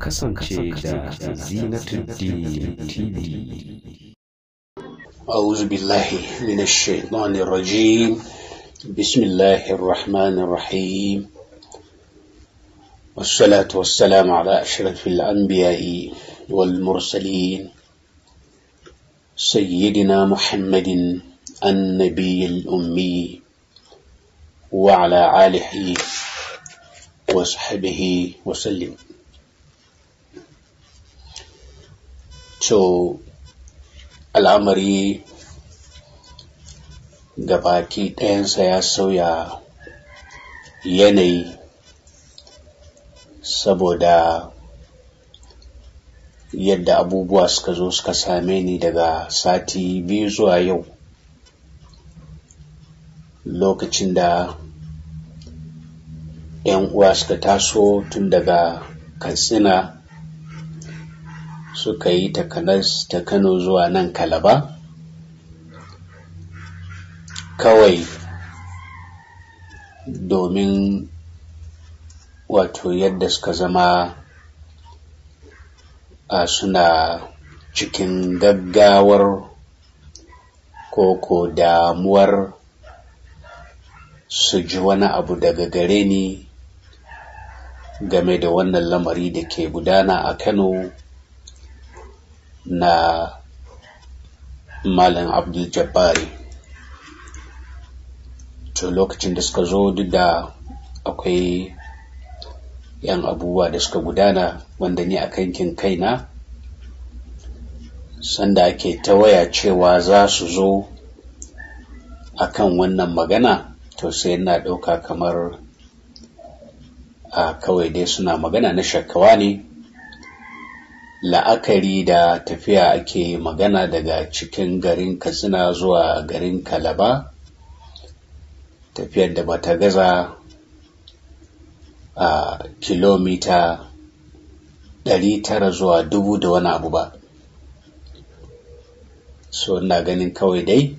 kasance da zinatul tv أعوذ بالله من الشيطان الرجيم بسم الله الرحمن الرحيم والصلاة والسلام على أشرف الأنبياء والمرسلين سيدنا محمد النبي الأمي وعلى آله وصحبه وسلم to al'amari gabaki ɗayansa ya sauya yanayi saboda yadda abubuwa suka zo suka same ni daga sati biyu zuwa yau lokacin da 'yan uwa suka taso tun daga katsina suka yi takanas ta kano zuwa nan kalaba kawai domin wato yadda suka zama a suna cikin gaggawar koko damuwar su ji wani abu daga gare ni game da wannan lamari da ke gudana a kano na malam abdul Jabari. to lokacin da suka zo duk da akwai yan abubuwa da suka gudana wanda ni a kankin kaina sanda ake ta waya cewa za su zo a kan wannan magana to sai na ɗauka kamar a kawai dai suna magana na shakawa ne la'akari da tafiya ake magana daga cikin garin katsina zuwa garin kalaba tafiyar da bata gaza a kilomita 900 zuwa dubu da wani abu ba so na ganin kawai dai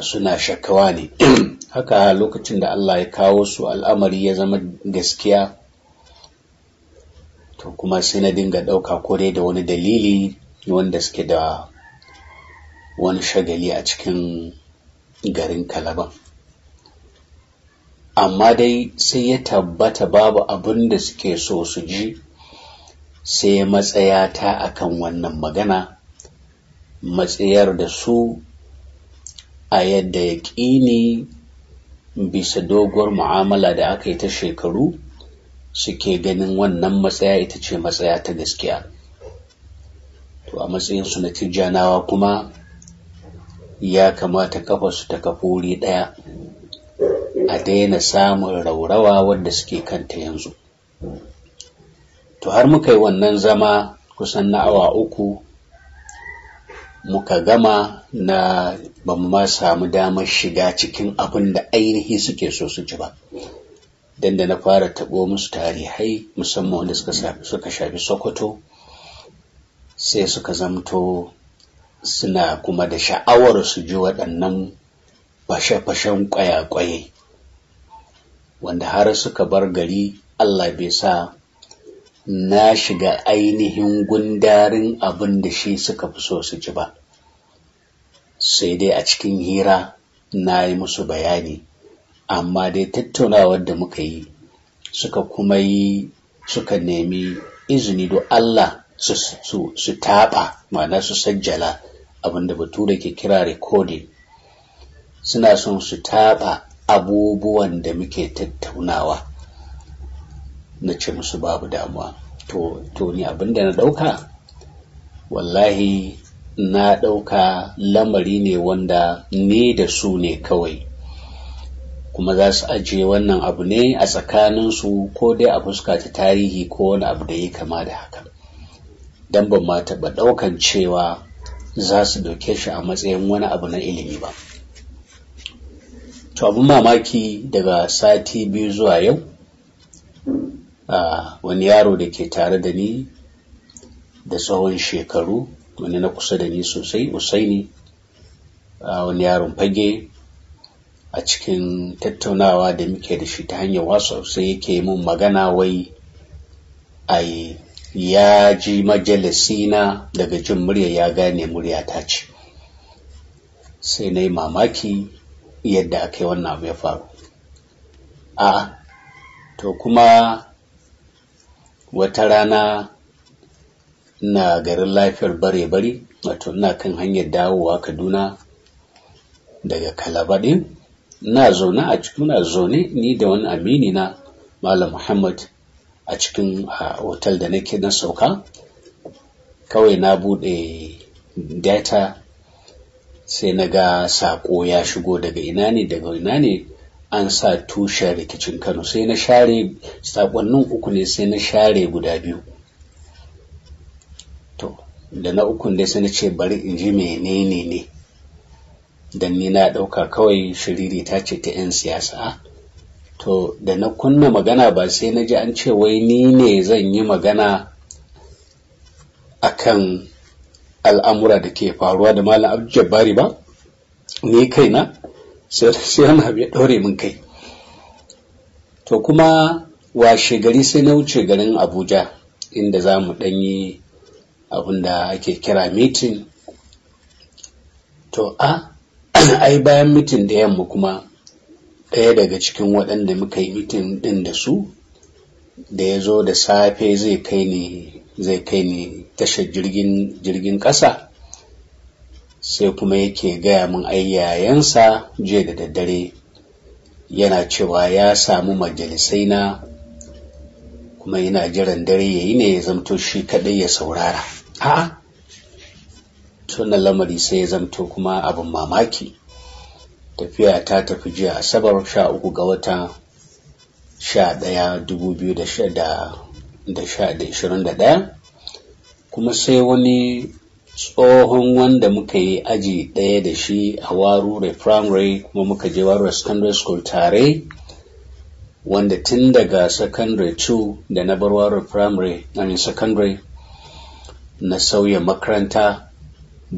suna shakawa ne haka lokacin da allah ya kawo su al'amari ya zama gaskiya to kuma sai na dinga ɗauka ko dai da wani dalili wanda suke da wani shagali a cikin garin kalaban amma dai sai ya tabbata babu abin da suke so su ji sai matsaya ta akan wannan magana matsayar da su a yadda ya bisa doguwar mu'amala da aka yi ta shekaru suke ganin wannan matsaya ita ce matsaya ta gaskiya to a matsayinsu na tijjanawa kuma ya kamata kafarsu ta kafuri wuri ɗaya a daina samun raurawa wadda suke kanta yanzu to har muka yi wannan zama kusan na awa uku muka gama na ba ma samu damar shiga cikin abin da ainihi suke so su ci ba dan da na fara taɓo musu tarihai musamman wanda suka shafi sokoto sai suka zamto suna kuma da sha'awar su ji waɗannan fashe-fashen ƙwaya-ƙwaye wanda har suka bar gari allah bai sa na shiga ainihin gundarin abin da shi suka fi so su ji ba sai dai a cikin hira na yi musu bayani amma dai tattaunawar da muka yi suka kuma yi suka nemi izini do Allah su su su taɓa ma'ana su sajjala abinda bature ke kira recording suna son su taɓa abubuwan da muke tattaunawa na ce musu babu damuwa to to ni abinda na ɗauka wallahi na ɗauka lamari ne wanda ni da su ne kawai kuma za su ajiye wannan abu ne a tsakaninsu ko dai a fuska ta tarihi ko wani abu da ya kama da haka don ban ma taɓa ɗaukan cewa za su ɗauke shi a matsayin wani abu na ilimi ba to abin mamaki daga sati biyu zuwa yau wani yaro da ke tare da ni da tsawon shekaru wani na kusa da ni sosai usaini wani yaron fage a cikin tattaunawa da muke da shi ta hanyar wasu sai yake mun magana wai ai ya ji majalisina daga jin murya ya gane murya ta ce sai na yi mamaki yadda aka yi wannan abu ya faru a to kuma wata rana na garin lafiyar bare-bare wato ina kan hanyar dawowa kaduna daga ɗin? na zaune a cikin muna zaune ni da wani amini na malam muhammad a cikin otal da nake na sauka kawai na bude data sai na ga sako ya shigo daga ina ne daga ina ne an sa tushen rikicin kano sai na share sakonnin uku ne sai na share guda biyu to da na ukun dai sai na ce bari in ji menene ne dan ni na ɗauka kawai shiriri ta ce ta 'yan siyasa to da na kunna magana ba sai na ji an ce wai ni ne zan yi magana akan al'amura da ke faruwa da malam abdu ba ni kaina sai wani ya min kai to kuma washe gari sai na wuce garin abuja inda za mu ɗanyi abin ake kira mitin to a ai bayan mitin da yamma kuma ɗaya daga cikin waɗanda muka yi mitin ɗin da su da ya zo da safe zai kai ni zai kai ni tashar jirgin jirgin ƙasa sai kuma yake gaya min ai yayansa jiya da daddare yana cewa ya samu majalisai na kuma yana jiran dare ya yi ne ya zamto shi kaɗai ya saurara a'a Tunan lamari sai ya zanto kuma abin mamaki tafiya ta tafi jiya asabar sha uku ga wata sha ɗaya dubu biyu da sha ishirin da ɗaya kuma sai wani tsohon wanda muka yi aji ɗaya da shi a warure primary kuma muka je warure secondary school tare wanda tun daga secondary 2 da na bar primary na sauya makaranta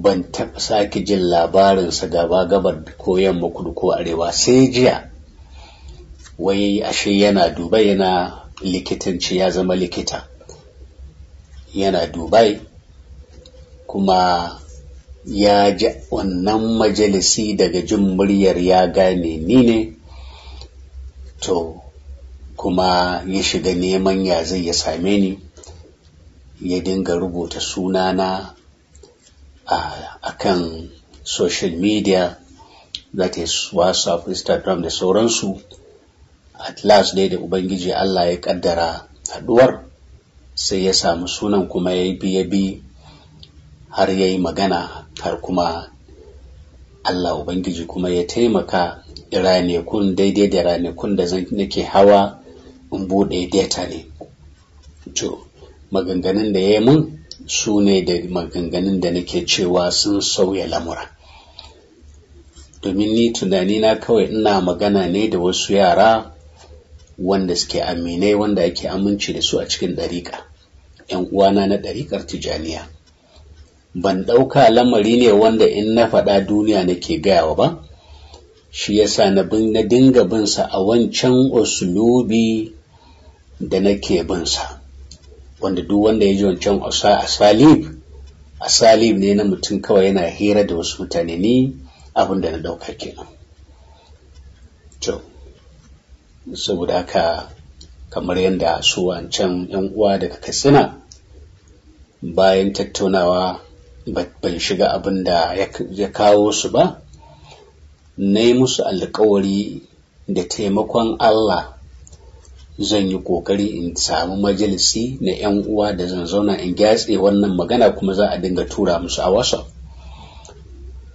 ban taɓa sake jin labarinsa gaba gabar ko yamma ko arewa sai jiya wai ashe yana dubai yana likitanci ya zama likita yana dubai kuma ya ji wannan majalisi daga jin muryar ya gane ni ne to kuma ya shiga neman ya zai ya same ni ya dinga rubuta sunana a kan social media that is whatsapp instagram da sauransu at last dai da ubangiji allah ya kaddara haduwar sai ya samu sunan kuma ya bi ya bi har ya yi magana har kuma allah ubangiji kuma ya taimaka ranakun daidai da ranakun da nake hawa in buɗe data ne to maganganun da ya yi mun su ne da maganganun da nake cewa sun sauya lamura domin ni tunani na kawai ina magana ne da wasu yara wanda suke aminai wanda ake aminci da su a cikin ɗariƙa ‘yan uwana na ɗariƙar tijaniya ban ɗauka lamari ne wanda in na faɗa duniya nake gayawa ba shi yasa na na dinga binsa a wancan usulubi da nake binsa wanda duk wanda ya ji wancan asalib asalib ne na mutum kawai yana hira da wasu mutane ni abin da na dauka kenan to saboda haka kamar yadda su wancan yan uwa daga katsina bayan tattaunawa ban shiga abin da ya kawo su ba na yi musu alkawari da taimakon Allah zan yi kokari in samu majalisi na 'yan uwa da zan zauna in gyatse wannan magana kuma za a dinga tura musu a whatsapp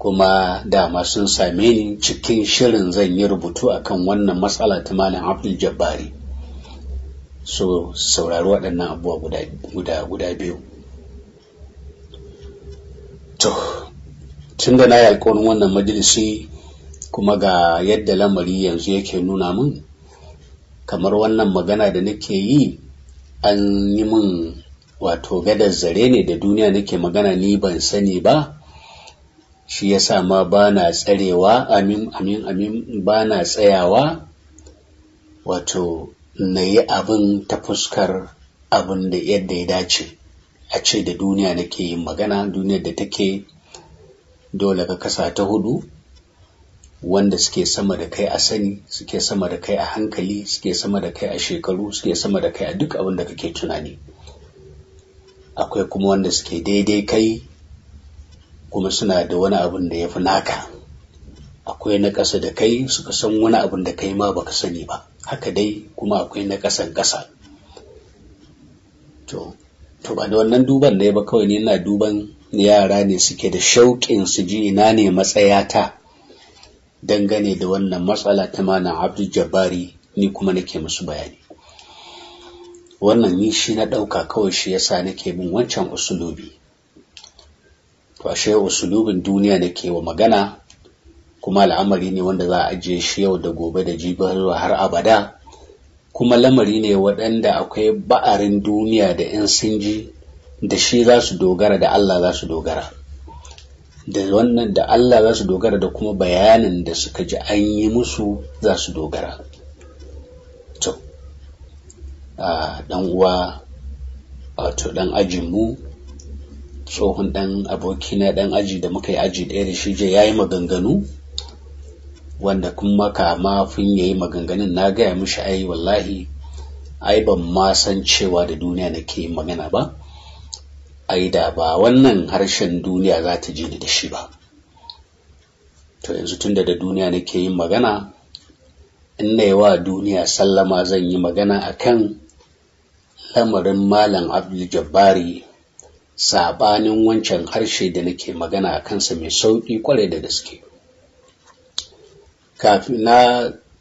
kuma dama sun same ni cikin shirin zan yi rubutu akan wannan matsala ta malam abdul jabbari so saurari waɗannan abubuwa guda guda biyu to tun da na yi alkawarin wannan majalisi kuma ga yadda lamari yanzu yake nuna min kamar wannan magana da nake yi an yi min wato gadar zare ne da duniya nake magana ni ban sani ba shi ya sa ma ba na tsarewa amin amin amin ba na tsayawa wato na yi abin ta fuskar abin da yadda ya dace a ce da duniya nake yin magana duniya da take dole ka kasa ta hudu wanda suke sama da kai a sani suke sama da kai a hankali suke sama da kai a shekaru suke sama da kai a duk abin da kake tunani akwai kuma wanda suke daidai kai kuma suna da wani abin da ya fi naka akwai na ƙasa da kai suka san wani abin da kai ma baka sani ba haka dai kuma akwai na ƙasan ƙasa to to ba da wannan duban ne ba kawai ni ina duban yara ne suke da shauƙin su ji ina ne matsayata dangane da wannan matsala ta mana abdul jabari ni kuma nake musu bayani wannan ni shi na ɗauka kawai shi yasa nake bin wancan usulubi to ashe usulubin duniya nake wa magana kuma al'amari ne wanda za a ajiye shi yau da gobe da jibarwa har abada kuma lamari ne waɗanda akwai ba'arin duniya da 'yan sun da shi za su dogara da Allah za su dogara da wannan da Allah za su dogara da kuma bayanin da suka ji an yi musu za su dogara to dan uwa wato ɗan ajinmu tsohon dan abokina dan aji da muka yi aji ɗaya da shi ya yi maganganu wanda kuma kama fun ya yi maganganun na gaya mishi ai wallahi ai ban ma san cewa da duniya nake magana ba Aida, ba wannan harshen duniya za ta ji ni da shi ba to yanzu tunda da duniya nake yin magana in na wa duniya sallama zan yi magana akan lamarin malam abdul jabbari sabanin wancan harshe da nake magana a kansa mai sauƙi kwarai da gaske kafin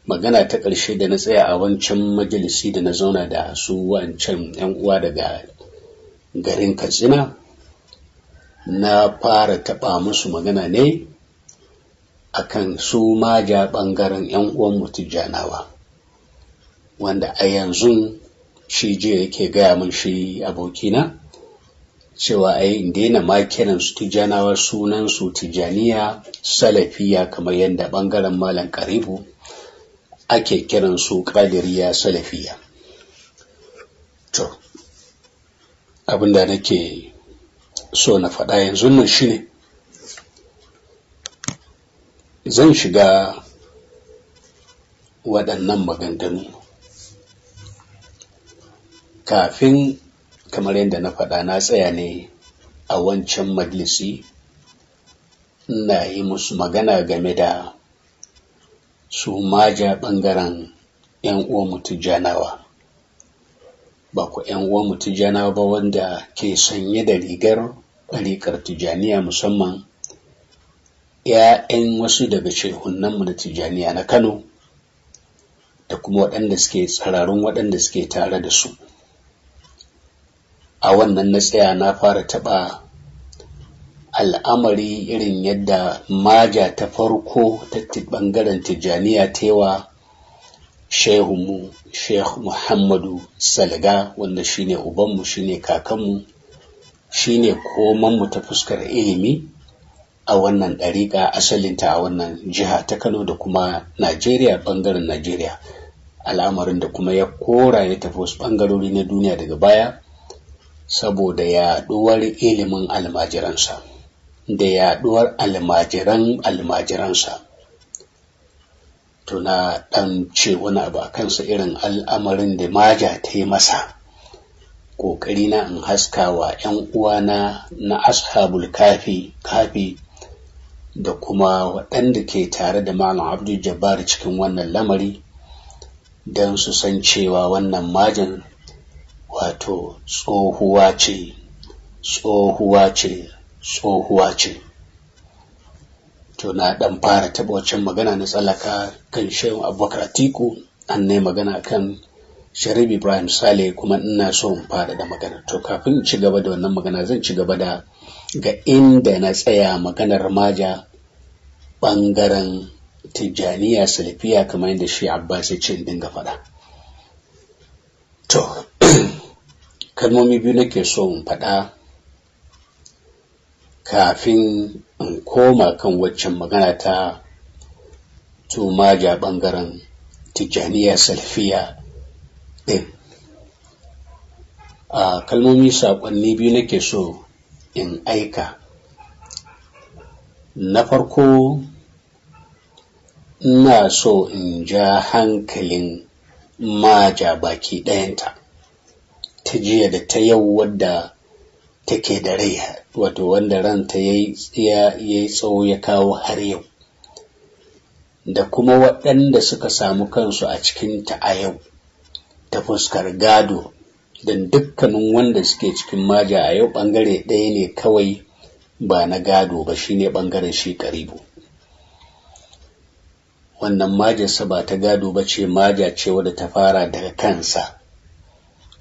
magana ta ƙarshe da na tsaya a wancan majalisi da na zauna da su wancan 'yan uwa daga garin katsina na fara taɓa musu magana ne akan su maja ɓangaren 'yan uwanmu tijjanawa wanda a yanzu shi je yake gaya min shi abokina cewa ai in daina ma kiransu su tijjanawa sunan su tijjaniya salafiya kamar yadda ɓangaren malam karibu ake kiran su ƙadiriya salafiya to abin da nake so na faɗa yanzu nan shine zan shiga waɗannan maganganu kafin kamar yadda na faɗa na tsaya ne a wancan majalisi na yi musu magana game da su maja ɓangaren 'yan uwa mutu janawa ba ku ‘yan uwanmu tijjana ba wanda ke sanye da rigar ɗariƙar Tijaniya musamman ‘ya'yan wasu daga shehunanmu na Tijaniya na Kano da kuma waɗanda suke tsararun waɗanda suke tare da su. A wannan na tsaya na fara taɓa al'amari irin yadda maja ta farko ta ɓangaren tijjaniya tewa shehunmu sheikh muhammadu salga wanda shine ubanmu shine kakanmu shine komanmu ta fuskar ilimi a wannan ɗariƙa asalinta a wannan jiha ta kano da kuma najeriya ɓangaren najeriya al'amarin da kuma ya kora ya tafi wasu ɓangarori na duniya daga baya saboda yaɗuwar ilimin almajiransa da yaɗuwar almajiran almajiransa to na ɗan ce wani abu a kansa irin al'amarin da maja ta yi masa ƙoƙari na in haska wa 'yan uwana na ashabul kafi kafi da kuma waɗanda ke tare da malam abdul jabbar cikin wannan lamari don su san cewa wannan majin wato tsohuwa ce tsohuwa ce tsohuwa ce to na dan fara taɓa waccan magana na tsallaka kan shehu abubakar atiku an ne magana kan sharif ibrahim sale kuma ina so in fara da magana to kafin in ci gaba da wannan magana zan ci gaba da ga inda na tsaya maganar maja bangaren tijjaniya salafiya kamar yadda shi abbas ya ce dinga faɗa to kalmomi biyu nake so in faɗa kafin in koma kan waccan magana ta tumaja bangaren tijjaniya salfiya ɗin a kalmomi saƙonni biyu nake so in aika na farko ina so in ja hankalin maja baki ɗayanta ta jiya da ta yau wadda take da rai wato wanda ranta ya yi tsawo ya kawo har yau da kuma waɗanda suka samu kansu a cikinta a yau ta fuskar gado don dukkanin wanda suke cikin maja a yau ɓangare ɗaya ne kawai ba na gado ba shi ne ɓangaren shi karibu wannan majarsa ba ta gado ba ce maja ce wadda ta fara daga kansa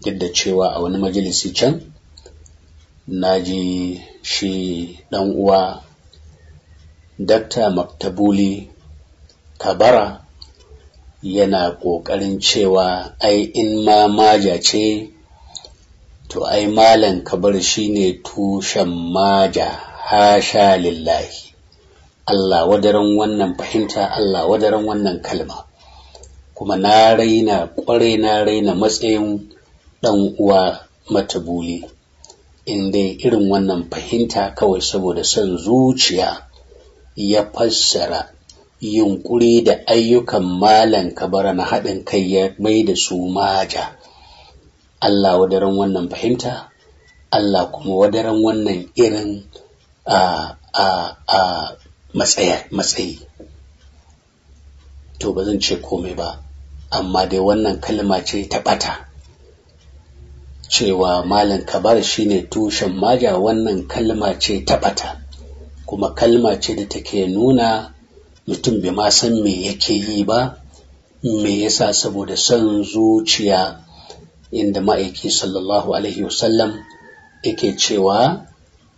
duk cewa a wani majalisi can na ji shi ɗan uwa dakta maktabuli kabara yana ƙoƙarin cewa ai in ma maja ce to ai malam kabar shi ne tushen maja hasha lillahi Allah wadaran wannan fahimta Allah wadaran wannan kalma kuma na raina ƙwarai na raina matsayin ɗan uwa matabuli in dai irin wannan fahimta kawai saboda son zuciya ya fassara yunkuri da ayyukan malan kabara na haɗin kai ya mai da su maja Allah wadaran wannan fahimta Allah kuma wadaran wannan irin a a a matsayi to ba zan ce komai ba amma dai wannan kalma ce ta ɓata cewa malam kabar shine tushen maja wannan kalma ce ta ɓata kuma kalma ce da take nuna mutum bai ma san me yake yi ba me yasa saboda son zuciya inda ma'aiki sallallahu alaihi wasallam yake cewa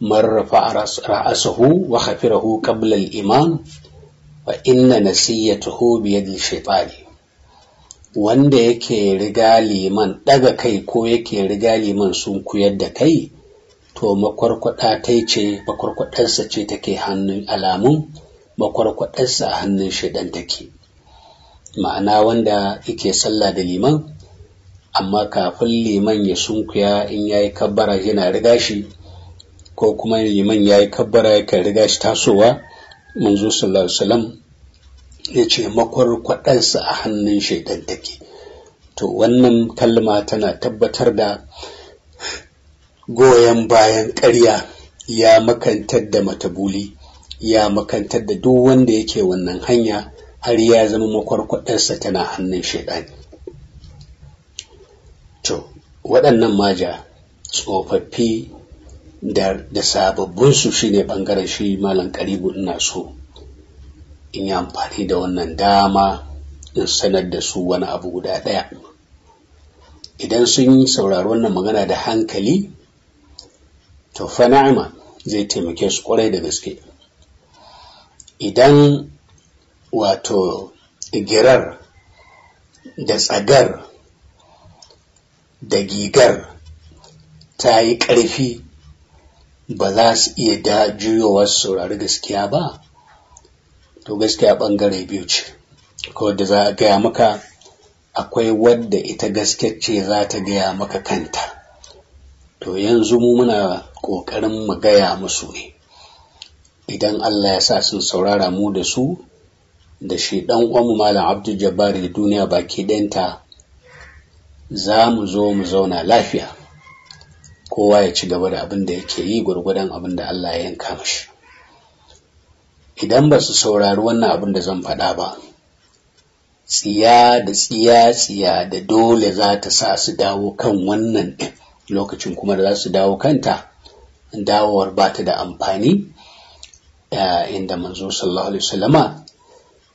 marrafa ra'asahu wa khafirahu qabla al-imam wa inna nasiyatahu bi yadi shaytani wanda yake riga liman daga kai ko yake riga liman sun kuyar da kai to makwarkwada ta ce makwarkwadarsa ce take hannun alamun makwarkwadarsa a hannun shaidan take ma'ana wanda yake sallah da liman amma kafin liman ya sunkuya in ya yi kabbara yana riga shi ko kuma liman ya yi kabbara yakan riga shi tasowa manzo sallallahu alaihi wasallam ya ce makwarkwaɗarsa a hannun shaidan take to wannan kalma tana tabbatar da goyon bayan karya ya makantar da matabuli ya makantar da duk wanda yake wannan hanya har ya zama makwarkwaɗarsa tana hannun shaidan to waɗannan maja tsofaffi da sababbinsu shine ɓangaren shi malam karibu ina so in yi amfani da wannan dama in sanar da su wani abu guda ɗaya idan sun yi saurari wannan magana da hankali to fa na'ima zai taimake su kwarai da gaske idan wato girar da tsagar da gigar ta yi ƙarfi ba za su iya da juyowar saurari gaskiya ba to gaskiya ɓangare biyu ce ko da za a gaya maka akwai wadda ita gaske ce za ta gaya maka kanta to yanzu mu muna ƙoƙarin mu gaya musu ne idan Allah ya sa sun saurara mu da su da shi ɗan uwanmu malam abdul jabbar da duniya baki ɗanta za mu zo mu zauna lafiya kowa ya ci gaba da abin da yake yi gwargwadon abin da Allah ya yanka mashi idan ba su saurari wannan abin da zan faɗa ba tsiya da tsiya tsiya da dole za ta sa su dawo kan wannan lokacin kuma da za su dawo kanta dawowar ba ta da amfani inda manzo sallallahu alaihi wasallama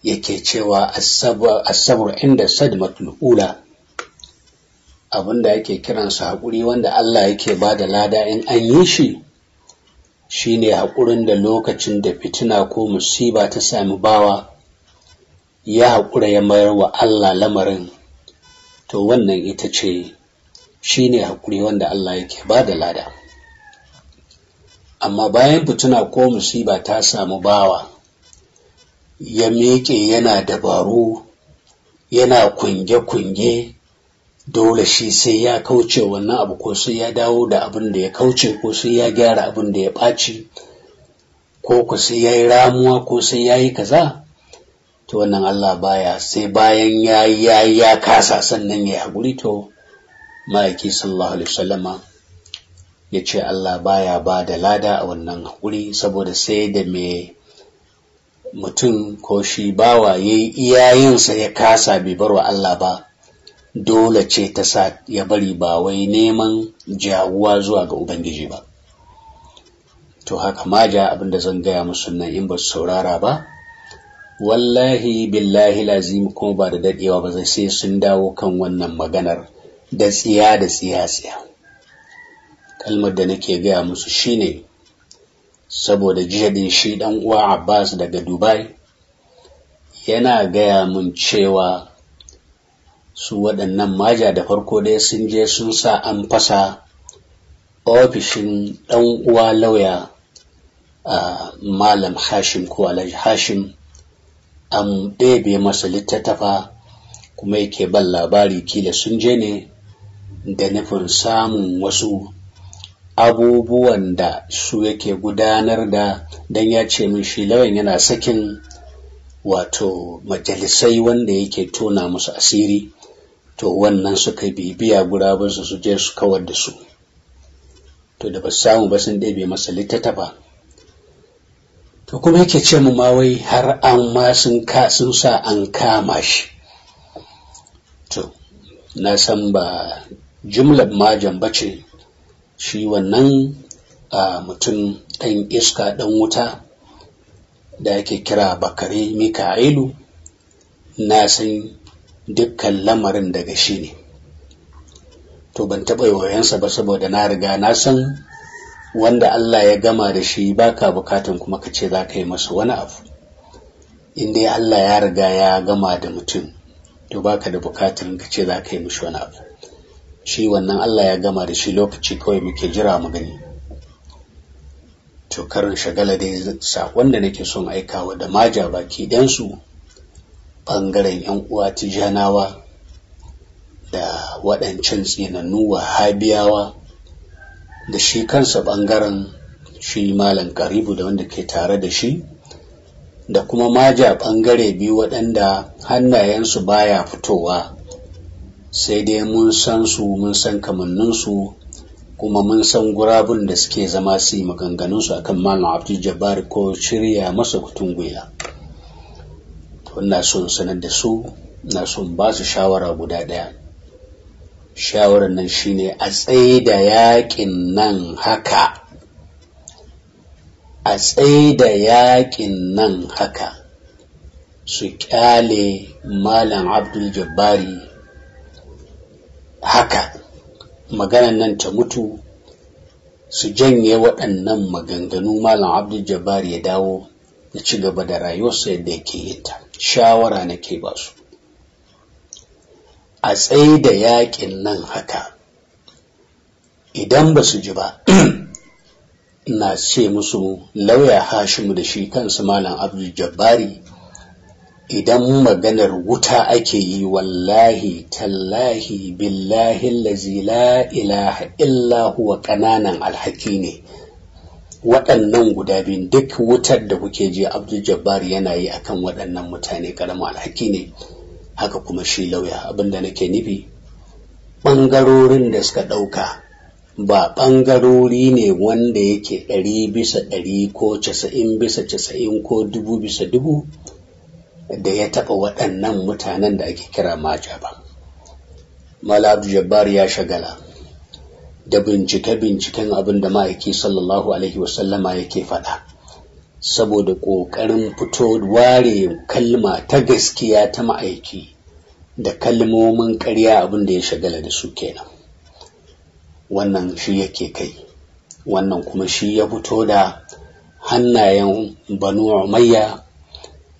yake cewa asabar inda sadmatul ula abinda yake kiransa haƙuri wanda Allah yake ba da lada in an yi shi shine haƙurin da lokacin da fitina ko musiba ta sami bawa ya haƙura ya mayar wa Allah lamarin to wannan ita ce shine haƙuri wanda Allah yake ba da lada amma bayan fitina ko musiba ta samu bawa ya miƙe yana dabaru yana kunge-kunge dole shi sai ya kauce wannan abu ko sai ya dawo da abin da ya kauce ko sai ya gyara abin da ya ɓaci ko ku sai ya yi ramuwa ko sai ya yi kaza to wannan Allah baya sai bayan ya ya ya kasa sannan ya haƙuri to ma'aiki sallallahu alaihi wasallama ya ce Allah baya ba da lada a wannan haƙuri saboda sai da me mutum ko shi bawa ya yi iyayensa ya kasa bai bar wa Allah ba dole ce ta sa ya bari ba wai neman jawuwa zuwa ga ubangiji ba to haka maja abinda zan gaya musu nan in ba su saurara ba wallahi billahi lazim kuma ba da dadewa ba zai sai sun dawo kan wannan maganar da tsiya da tsiya tsiya kalmar da nake gaya musu shine saboda jihadin shi ɗan uwa Abbas daga Dubai yana gaya mun cewa su waɗannan maja da farko dai sun je sun sa an fasa ofishin ɗan uwa lauya a malam hashim ko alhaji hashim an ɗebe masa littattafa kuma yake ban labari kila sun je ne da nufin samun wasu abubuwan da su yake gudanar da don ya ce min shi lawan yana sakin wato majalisai wanda yake tona musu asiri to wannan suka bibiya ba su je su kawar da su to da ba samu ba sun ɗebe masa littattafa to kuma yake ce mu ma wai har an ma sun ka sun sa an kama shi to na san ba jumlar majan ba ce shi wannan a mutum ɗan iska ɗan wuta da ake kira bakare mika'ilu na san dukkan lamarin daga shi ne to ban taɓa yoyansa ba saboda na riga na san wanda Allah ya gama da shi baka bukatan kuma ka ce za ka yi masa wani abu inda dai Allah ya riga ya gama da mutum to baka da bukatan ka ce za ka yi mashi wani abu shi wannan Allah ya gama da shi lokaci kawai muke jira mu gani to karin shagala dai sakon da nake son aikawa da maja baki su ɓangaren 'yan uwa tijanawa da waɗancan tsinannu wahabiyawa da shi kansa ɓangaren shi malam karibu da wanda ke tare da shi da kuma maja ɓangare biyu waɗanda hannayensu baya fitowa sai dai mun san su mun san kamanninsu kuma mun san gurabun da suke zama su yi maganganunsu akan malam abdul jabbar ko shirya masa kutun gwila to ina son sanar da su na son ba su shawara guda ɗaya shawarar nan shine a tsaye da yaƙin nan haka a tsaye da yaƙin nan haka su ƙyale malam abdul jabbari haka maganan nan ta mutu su janye waɗannan maganganu malam abdul jabbari ya dawo ya ci gaba da rayuwarsa yadda yake yinta shawara nake ba su a tsaye da yakin nan haka idan ba su ji ba na ce musu lauya hashimu da shi kansu malam abdul jabari idan maganar wuta ake yi wallahi tallahi billahi lazi la ilaha illa huwa ƙananan alhaki ne waɗannan guda biyun duk wutar da kuke ji abdul jabbar yana yi akan waɗannan mutane karamin alhaki ne haka kuma shi lauya abinda nake nufi ɓangarorin da suka ɗauka ba ɓangarori ne wanda yake ɗari bisa ɗari ko casa'in bisa casa'in ko dubu bisa dubu da ya taɓa waɗannan mutanen da ake kira maja ba mala abdul jabbar ya shagala da bincike-binciken abin da ma'aiki sallallahu alaihi wasallama yake faɗa saboda ƙoƙarin fito ware kalma ta gaskiya ta ma'aiki da kalmomin ƙarya abin da ya shagala da su kenan wannan shi yake kai wannan kuma shi ya fito da hannayen banu umayya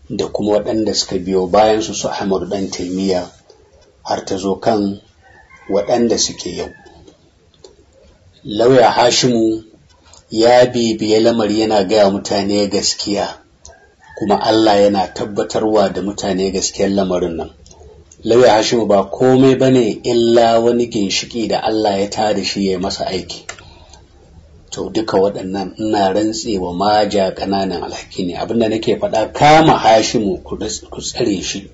da kuma waɗanda suka biyo bayan su su ahmadu ɗan taimiyya har ta zo kan waɗanda suke yau lauya hashimu ya bibiye lamari yana gaya mutane gaskiya kuma Allah yana tabbatarwa da mutane gaskiyar lamarin nan lauya hashimu ba komai bane ne illa wani ginshiki da Allah ya tada shi ya masa aiki to duka waɗannan ina wa maja ƙananan alhaki ne abinda nake faɗa kama hashimu ku tsare shi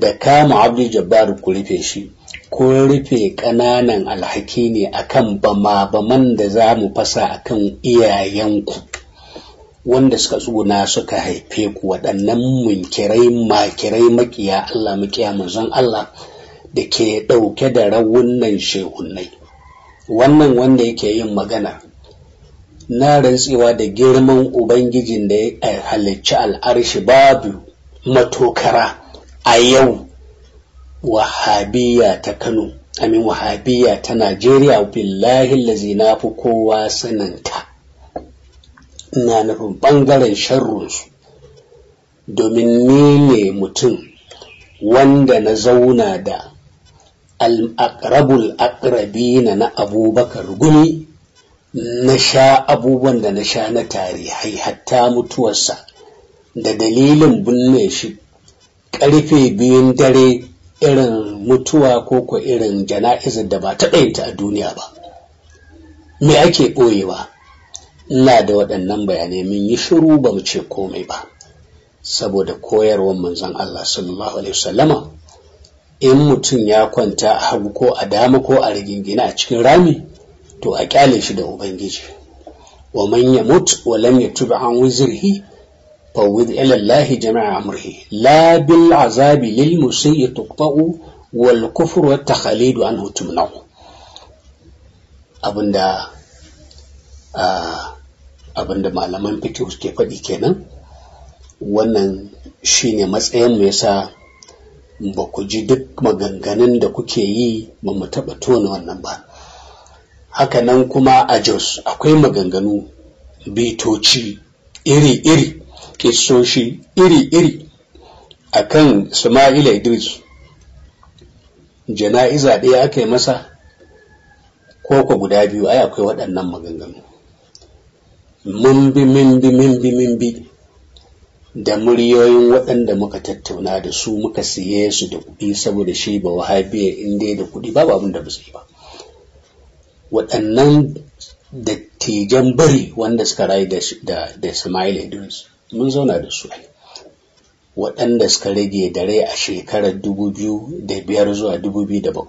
da kama abdul jabbar ku rufe shi ko rufe ƙananan alhaki ne akan bama-baman da za mu fasa akan iyayenku wanda suka tsuguna suka haife ku waɗannan munkirai makirai makiya Allah makiya manzon Allah da ke ɗauke da rawunan shehunai wannan wanda yake yin magana na rantsewa da girman ubangijin da ya eh, halicci al'arshi babu matokara a yau wahabiya ta kano amin wahabiya ta najeriya billahi lazi na fi kowa sananta na nufin ɓangaren sharrunsu domin ni ne mutum wanda na zauna da al'akrabul akrabina na abubakar guni na sha abubuwan da na sha na tarihai hatta mutuwarsa da dalilin binne shi ƙarfe biyun dare irin mutuwa ko ko irin jana'izar da ba ta ɗayanta a duniya ba me ake ɓoyewa ina da waɗannan bayanai mun yi shiru ba mu ce komai ba saboda koyarwar manzon Allah sallallahu alaihi wasallama in mutum ya kwanta a hagu ko a dama ko a rigingina a cikin rami to a kyale shi da ubangiji wa man mutu wa lam yatub an wuzrihi فوض إلى الله جميع أمره لا بالعذاب للمسيء تقطع والكفر والتخليد عنه تمنع abinda abinda malaman fikihu suke faɗi kenan wannan shine matsayin mu yasa ba ku ji duk maganganun da kuke yi ba mu taɓa tona wannan ba Haka nan kuma a jos akwai maganganu bitoci iri-iri kisoshi iri-iri a kan Sama'ila Idris jana'iza ɗaya aka yi masa koko guda biyu ai akwai waɗannan maganganu mun bi mun bi mun bi mun bi da muryoyin waɗanda muka tattauna da su muka siye su da kuɗi saboda shi ba wahabiya inda da kuɗi ba da ba su ba waɗannan dattijan bari wanda suka rayu da Sama'ila Idris mun zauna da su waɗanda suka rage da rai a shekarar 2005 zuwa 2007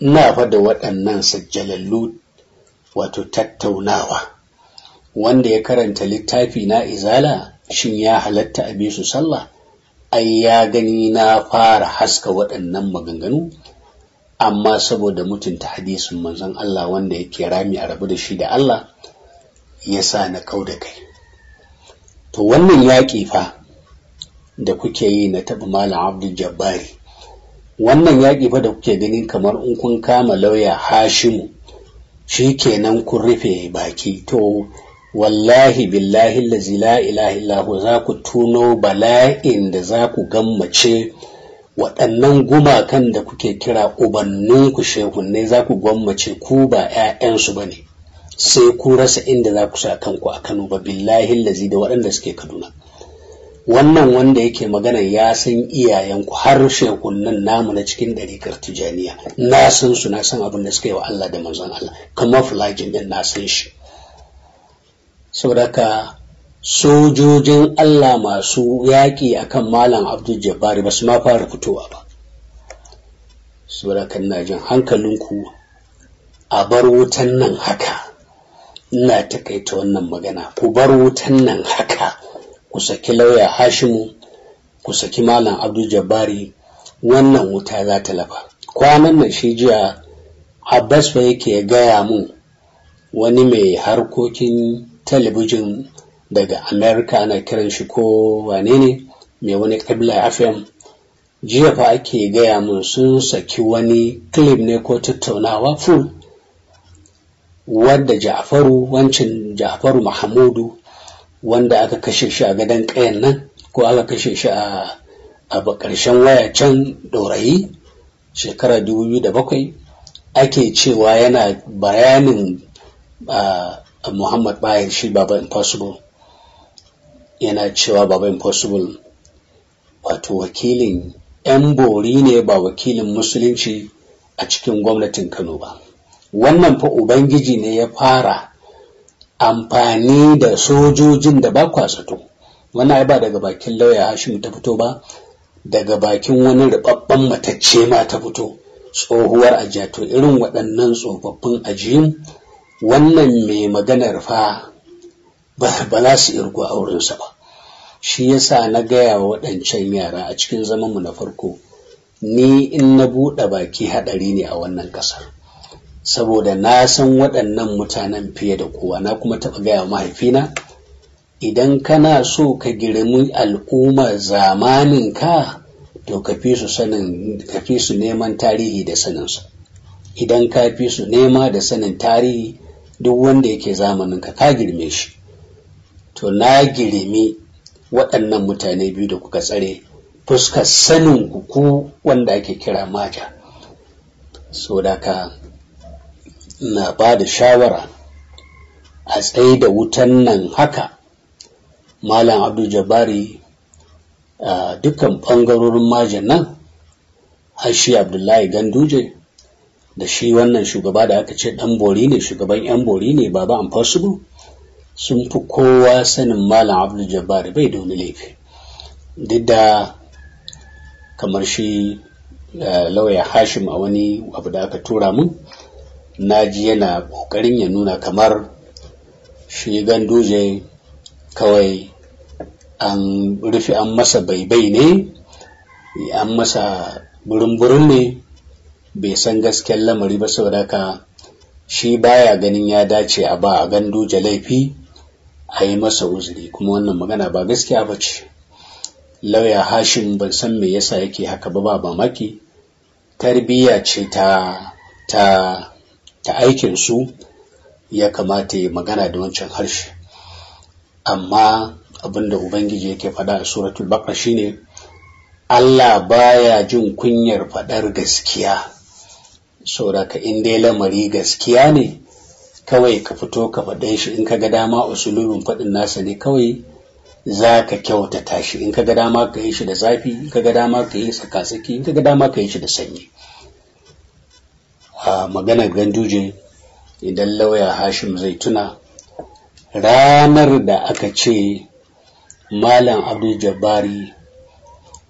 na fada waɗannan sajjalallu wato tattaunawa wanda ya karanta littafi na izala shin ya halatta a su sallah ai ya gani na fara haska waɗannan maganganu amma saboda mutunta hadisin manzon Allah wanda yake rami a rabu da shi da Allah ya sa na kau da kai to wannan yaƙi fa da kuke yi na taɓa malam abdul jabbari wannan yaƙi fa da kuke gani kamar in kun kama lauya hashimu shi kenan kun rufe baki to wallahi billahi lazi la ilaha illahu za ku tuno bala'in da za ku gammace waɗannan gumakan da kuke kira ubanninku shehunne za ku gwammace ku ba 'ya'yansu ba ne sai ku rasa inda za ku sa kanku a Kano ba billahi lazi da waɗanda suke Kaduna wannan wanda yake magana ya san iyayenku har nan namu na cikin ɗarikar tijaniya na san su na san abin da suka yi wa Allah da manzon Allah kamar fulajin din na san shi saboda ka sojojin Allah masu yaƙi akan malam Abdul Jabbar ba su ma fara fitowa ba saboda kan na jin hankalinku a bar wutan nan haka ina takaita wannan magana ku bar wutan nan haka ku saki lauya hashimu ku saki malam abdul jabari wannan wuta za ta lafa kwanan nan shi jiya abbas fa yake gaya mun wani mai harkokin talabijin daga america ana kiran shi ko wane ne mai wani kabila fm jiya fa ake gaya mun sun saki wani clip ne ko tattaunawa full Wanda ja'faru wancin ja'faru mahamudu wanda aka kashe shi a gadon ƙayan nan ko aka kashe shi a ƙarshen waya can ɗorayi shekara 2007 ake cewa yana bayanin muhammad bayan shi baba impossible yana cewa baba impossible wato wakilin 'yan bori ne ba wakilin musulunci a cikin gwamnatin kano ba wannan fa ubangiji ne ya fara amfani da sojojin da ba kwasato. sato wannan ai ba daga bakin lauya hashim ta fito ba daga bakin wani rubabban matacce ma ta fito tsohuwar ajiya to irin waɗannan tsofaffin ajiyu. wannan mai maganar fa ba za su irgo aurensa ba shi yasa na gaya wa waɗancan yara a cikin zamanmu na farko ni in na buɗe baki haɗari ne a wannan ƙasar saboda na san waɗannan mutanen fiye da kowa na kuma taɓa gaya wa mahaifina idan kana so ka girmi al'ummar zamaninka to ka fi su neman tarihi da saninsa idan ka fi su nema da sanin tarihi duk wanda yake zamanin ka girme shi to na girmi waɗannan mutane biyu da kuka tsare fuskar sanin ku wanda ake kira maja so da ka na ba da shawara a tsaye da wutan nan haka malam abdul jabari a dukkan ɓangarorin majin nan shi abdullahi ganduje da shi wannan shugaba da aka ce ɗan bori ne shugaban yan bori ne baba impossible sun fi kowa sanin malam abdul jabari bai da laifi duk da kamar shi lauya hashim a wani abu da aka tura mun naji yana kokarin ya nuna kamar shi doje kawai an rufe an masa baibai ne an masa burin ne bai san gasken lamari ba saboda haka shi baya ganin ya dace a ba a ganduje laifi a yi masa uzuri kuma wannan magana ba gaskiya ba ce lauya hashin ban san me yasa yake haka ba ba mamaki tarbiyya ce ta ta aikinsu ya kamata ya magana da wancan harshe amma abinda ubangiji yake faɗa a suratul baqara shine Allah baya jin kunyar faɗar gaskiya sauraka in dai lamari gaskiya ne kawai ka fito ka faɗe shi in ka ga dama usulubin faɗin nasa ne kawai za ka kyautata shi in ka ga dama ka yi shi da zafi in ka ga dama ka yi tsakatsaki in ka ga dama ka yi shi da sanyi a maganar ganduje idan lauya hashim zai tuna ranar da aka ce malam abdul jabari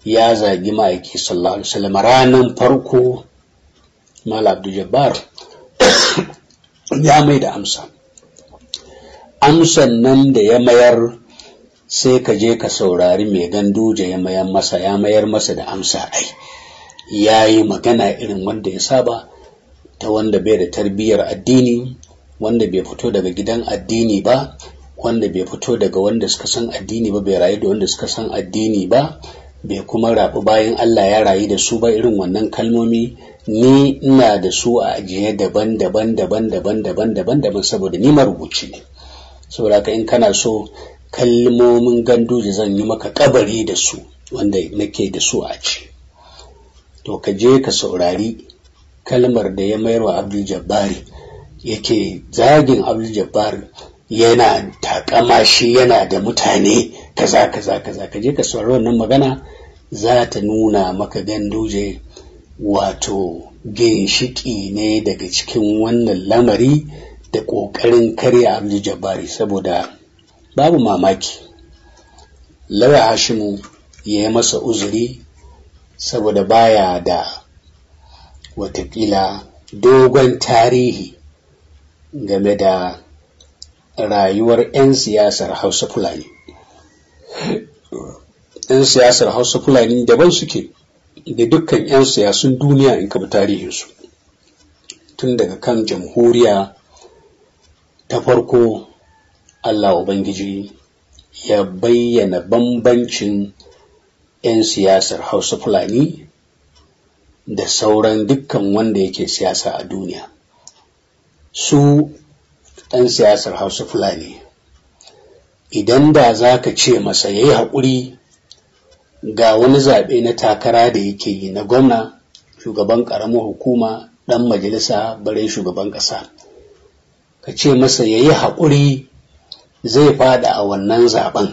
ya zagi ma'aiki sallallahu alaihi wasallam ranar farko malam abdul jabari ya mai da amsa amsan nan da ya mayar sai ka je ka saurari mai ganduje ya mayar masa ya mayar masa da amsa ai ya yi magana irin wanda ya saba ta wanda bai da tarbiyyar addini wanda bai fito daga gidan addini ba wanda bai fito daga wanda suka san addini ba bai rayu da wanda suka san addini ba bai kuma rabu bayan Allah ya rayu da su ba irin wannan kalmomi ni ina da su a ajiye daban daban daban daban daban daban daban saboda ni marubuci ne saboda haka in kana so kalmomin ganduje zan yi maka kabari da su wanda nake da su a ci to ka je ka saurari kalmar da ya mayar wa abdul jabbari yake zagin abdul jabbari yana takama shi yana da mutane kaza kaza kaza ka je ka saurari wannan magana za ta nuna maka ganduje wato ginshiki ne daga cikin wannan lamari da ƙoƙarin karya abdul jabbari saboda babu mamaki lawa hashimu ya yi masa uzuri saboda baya da Wataƙila dogon tarihi game da rayuwar 'yan siyasar hausa fulani 'yan siyasar hausa fulani daban suke da dukkan 'yan siyasun duniya in kaba tarihinsu tun daga kan jamhuriya ta farko allah ubangiji ya bayyana bambancin 'yan siyasar hausa fulani da sauran dukkan wanda yake siyasa a duniya su ɗan siyasar hausa fulani idan da za ka ce masa ya yi haƙuri ga wani zaɓe na takara da yake yi na gwamna shugaban ƙaramin hukuma ɗan majalisa bare shugaban ƙasa ka ce masa ya yi haƙuri zai faɗa a wannan zaɓen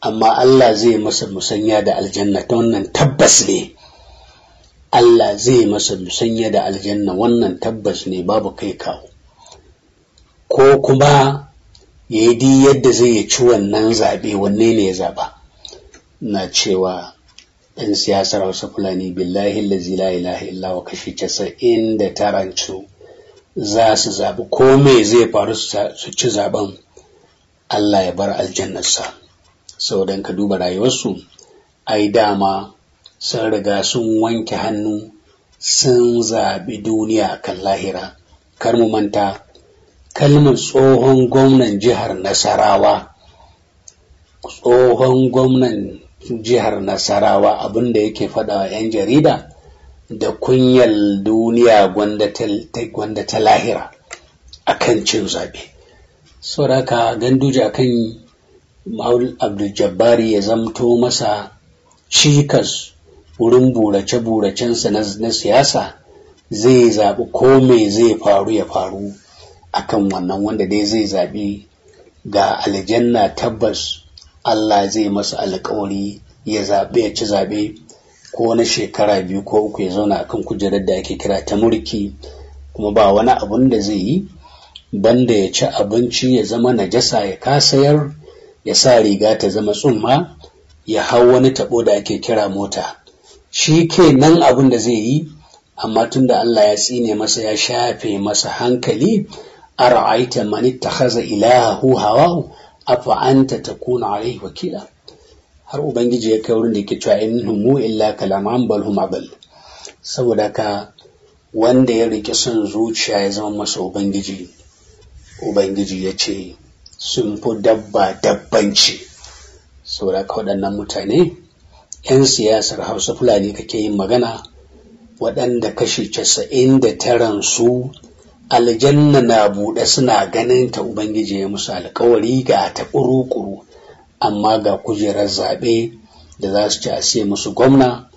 amma Allah zai masa musanya da aljanna ta wannan tabbas ne Allah zai masa musanya da aljanna wannan tabbas ne babu kai kawo ko kuma ya yi di yadda zai ya ci wannan zaɓe wanne ne ya zaɓa na cewa ɗan siyasar hausa fulani billahi lazi la ilaha illa wa kashi casa'in da tarancu za su zaɓi ko me zai faru su ci zaɓen Allah ya bar aljannarsa sau don ka duba rayuwarsu ai dama sun riga sun wanke hannu sun zaɓi duniya kan lahira kar mu manta kalmar tsohon gwamnan jihar nasarawa tsohon gwamnan jihar nasarawa abinda yake faɗa 'yan jarida da kunyar duniya gwanda ta lahira a kan cin zaɓe sauraka ganduja kan abdul jabbari ya zamto masa cikas wurin burace-buracensa na siyasa zai zaɓi ko mai zai faru ya faru akan wannan wanda dai zai zaɓi ga aljanna tabbas Allah zai masa alkawari ya zaɓe ya ci zaɓe ko na shekara biyu ko uku ya zauna akan kujerar da ake kira ta mulki kuma ba wani abun da zai yi banda ya ci abinci ya zama najasa ya kasayar ya sa riga ta zama tsumma ya hau wani tabo da ake kira mota shi ke nan abin da zai yi amma tun da Allah ya tsine masa ya shafe masa hankali a Mani ta ittakhadha ilahahu hawahu afa kuna takuna alayhi wakila har ubangiji ya kai wurin da ke cewa innahum mu illa kalaman bal huma bal. saboda ka wanda ya rike son zuciya ya zama masa ubangiji ubangiji ya ce sun fi dabba dabbanci saboda ka waɗannan mutane 'yan siyasar hausa fulani kake yin magana waɗanda kashi casa'in da taran su aljanna na buɗe suna ganin ta ubangiji ya musu alkawari ga ta ƙuru amma ga kujerar zaɓe da za su ci a sai musu gwamna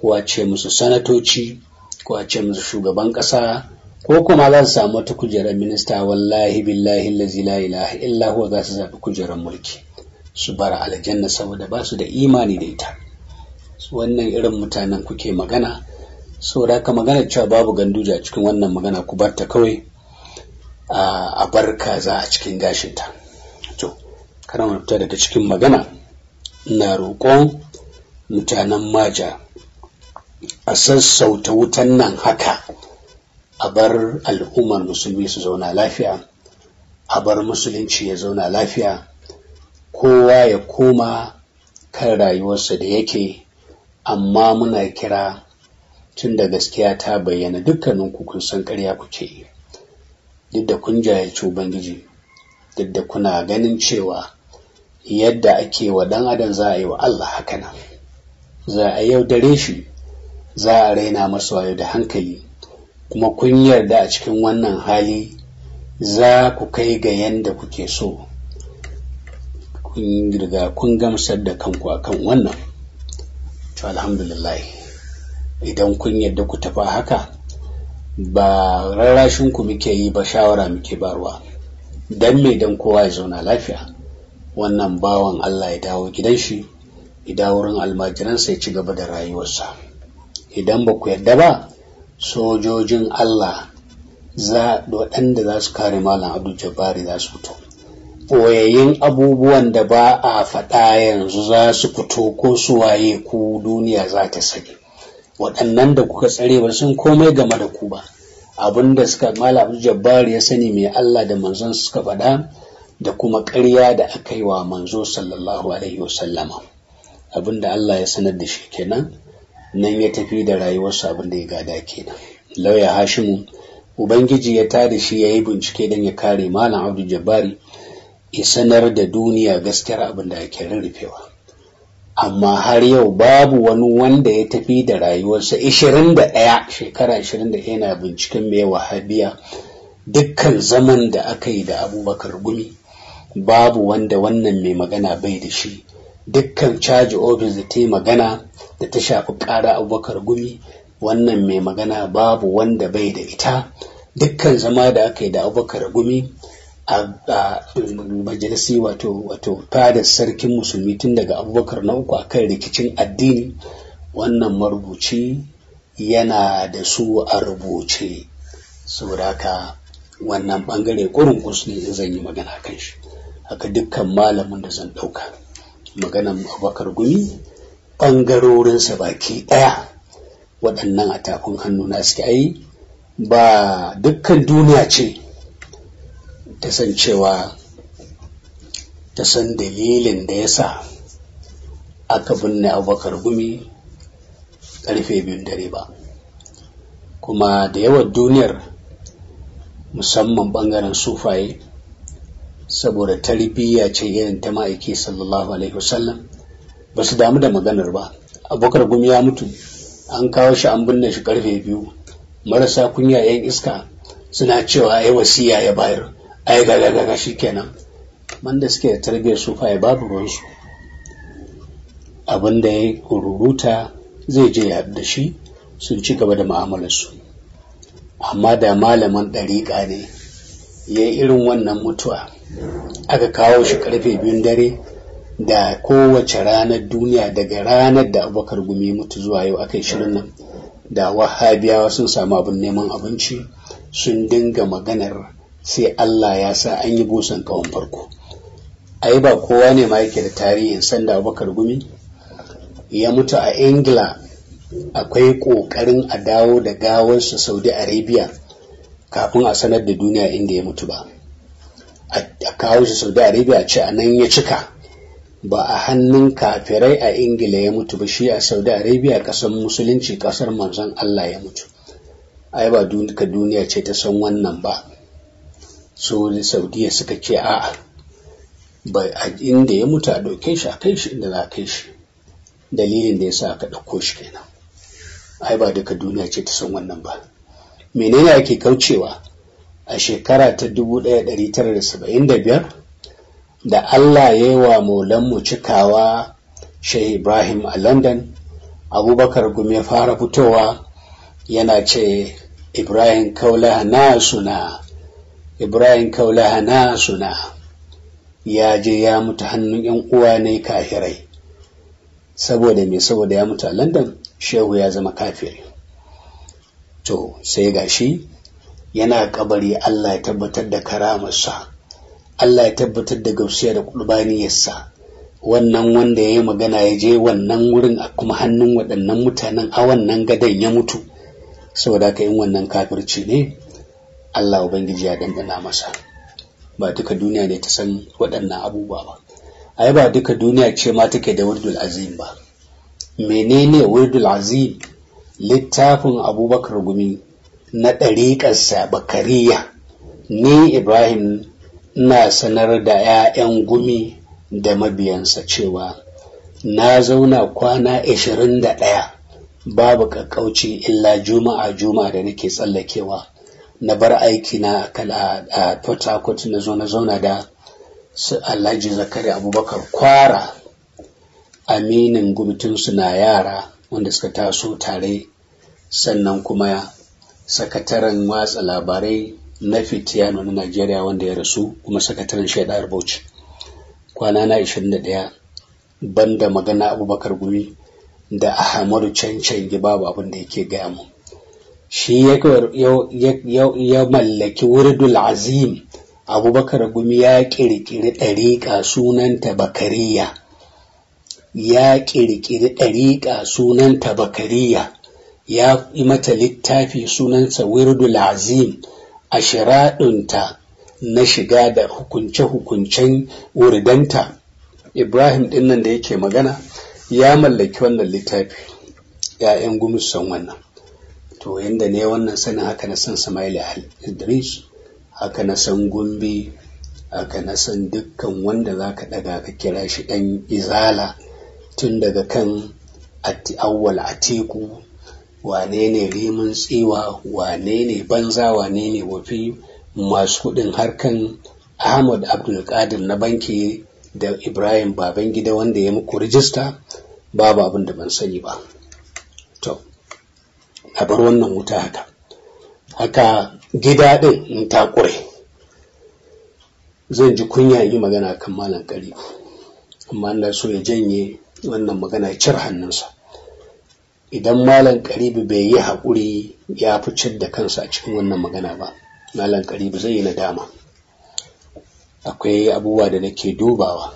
ko a ce musu sanatoci ko a ce musu shugaban ƙasa ko kuma za su samu wata kujerar minista wallahi billahi lazi la ilaha illa huwa za su zaɓi kujerar mulki su bara aljanna saboda ba su da imani da ita wannan irin mutanen kuke magana saboda haka magana cewa babu ganduja cikin wannan magana ku bar ta kawai a bar kaza a cikin gashinta to kana fita daga cikin magana na roƙon mutanen maja a sassauta wutan nan haka a bar al'ummar musulmi su zauna lafiya a bar musulunci ya zauna lafiya kowa ya koma kan rayuwarsa da yake amma muna kira tun da gaskiya ta bayyana dukkanin kun san karya kuke yi duk da kun jayyaci ubangiji duk da kuna ganin cewa yadda ake wa dan adam za a yi wa Allah haka nan za a yaudare shi za a raina masu wayo da hankali kuma kun yarda a cikin wannan hali za ku kai ga yanda kuke so kun riga kun gamsar da kanku a kan wannan to alhamdulillah idan kun yadda ku tafa haka ba rarrashin ku muke yi ba shawara muke barwa dan me dan kowa ya zauna lafiya wannan bawan Allah ya dawo gidan shi ya wurin almajiransa ya ci gaba da rayuwarsa idan ba ku yadda ba sojojin Allah za waɗanda za su kare malam Abdul Jabbari za su fito ɓoyayyun abubuwan da ba a faɗa yanzu za su fito ko su waye ku duniya za ta sani waɗannan da kuka tsare ba sun komai game da ku ba abin da suka mala abu jabbar ya sani mai Allah da manzon suka faɗa da kuma ƙarya da aka yi wa manzo sallallahu alaihi wasallama abin da Allah ya sanar da shi kenan nan ya tafi da rayuwarsa abin da ya gada kenan lauya hashimu ubangiji ya tada shi ya yi bincike don ya kare malam Abduljabari. jabbari ya sanar da duniya gaskiyar abin da ake rarrufewa amma har yau babu wani wanda ya tafi da rayuwarsa 21 shekara 21 yana binciken mai wahabiya dukkan zaman da aka yi da abubakar gumi babu wanda wannan mai magana bai da shi dukkan caji ofis da ta yi magana da ta shafi ƙara abubakar gumi wannan mai magana babu wanda bai da ita dukkan zama da aka yi da abubakar gumi a majalisi wato wato fadar sarkin musulmi tun daga abubakar na uku akan rikicin addini wannan marubuci yana da su a rubuce saboda haka wannan bangare kurin kusur ne zan yi magana kan shi haka dukkan malamin da zan ɗauka maganan abubakar gumi ɓangarorinsa baki ɗaya waɗannan a tafin hannu na suke ai ba dukkan duniya ce ta san cewa ta san dalilin da ya sa aka binne abubakar gumi karfe biyun dare ba kuma da yawan duniyar musamman bangaren sufaye saboda tarbiyya ce irin ta ma'aiki sallallahu alaihi wasallam ba su damu da maganar ba Abokar gumi ya mutu an kawo shi an binne shi karfe biyu marasa kunya yan iska suna cewa ya wasiya ya bayar ai ga gaga shi kenan Manda suke da tarbiyyar su fa babu ruwansu abin da ya rubuta zai je ya da shi sun ci gaba da ma'amalarsu. amma da malaman ɗariƙa ne ya yi irin wannan mutuwa aka kawo shi karfe biyun dare da kowace ranar duniya daga ranar da abokar gumi mutu zuwa yau aka yi shirin nan da wahabiyawa sun samu abin neman abinci sun dinga maganar sai Allah ya sa an yi busan kawon farko ai ba kowa ne ma yake da tarihin sanda Abubakar Gumi ya mutu a Ingila akwai ƙoƙarin a dawo da gawarsa Saudi Arabia kafin a sanar da duniya inda ya mutu ba a kawo shi Saudi Arabia ce a nan ya cika ba a hannun kafirai a ingila ya mutu ba shi a saudi arabia kasar musulunci kasar manzon allah ya mutu ai ba duniya ce ta san wannan ba su saudiya suka ce a'a ba a inda ya mutu a ɗauke shi a kai shi inda za a kai shi dalilin da ya sa aka ɗauko shi kenan ai ba duka duniya ce ta san wannan ba menene ake kaucewa a shekara ta 1975 da Allah ya yi wa maulanmu cikawa Sheikh Ibrahim a London abubakar gumi ya fara fitowa yana ce Ibrahim kaula na suna ibrahim kaulaha na suna ya je ya mutu hannun yan uwa ne kafirai saboda mai saboda ya mutu a london shehu ya zama kafiri to sai ga shi yana kabari allah ya tabbatar da karamarsa allah ya tabbatar da gausiyar da kurbaniyarsa wannan wanda ya yi magana ya je wannan wurin a kuma hannun waɗannan mutanen a wannan gadon ya mutu saboda ka yin wannan kafirci ne Allah Ubangiji ya dandana masa ba duka duniya ne ta san waɗannan abubuwa ba ai ba duka duniya ce ma take da wurdul azim ba menene wurdul azim littafin abubakar gumi na ɗariƙarsa bakariya ni ibrahim na sanar da 'ya'yan gumi da mabiyansa cewa na zauna kwana 21 babu ƙaƙƙauci illa juma'a juma'a da nake tsallakewa na bar aiki na kala a port harcourt na zo na zauna da su alhaji zakari abubakar kwara aminin gubitinsu na yara wanda suka taso tare sannan kuma sakataren watsa labarai na fitiya na najeriya wanda ya rasu kuma sakataren shaidar bauchi kwana na 21 banda magana abubakar gumi da ahmadu cancan gibabu abin da yake gaya mu shi ya mallaki wurdul azim abubakar gumi ya ƙirƙiri ɗariƙa sunanta bakariya ya ƙirƙiri ɗariƙa sunanta bakariya ya yi mata littafi sunansa wurdul azim a shiraɗinta na shiga da hukunce-hukuncen wurdanta ibrahim ɗinnan da yake magana ya mallaki wannan littafi ‘ya'yan gumi san wannan to yadda ne wannan sanin haka na san Samaila Idris haka na san Gombe haka na san dukkan wanda za ka ɗaga ka kira shi ɗan izala tun daga kan awwal atiku wane ne rimin tsiwa wane ne banza wane ne wafi masu kuɗin harkan ahmad abdulkadir na banki da ibrahim babangida wanda ya muku rijista babu abin da ban sani ba a bar wannan wuta haka haka gida ɗin in ta ƙure zan ji kunya yi magana kan malam karibu amma na so ya janye wannan magana cire hannunsa idan malam karibu bai yi haƙuri ya fi da kansa a cikin wannan magana ba malam karibu zai yi nadama akwai abubuwa da nake dubawa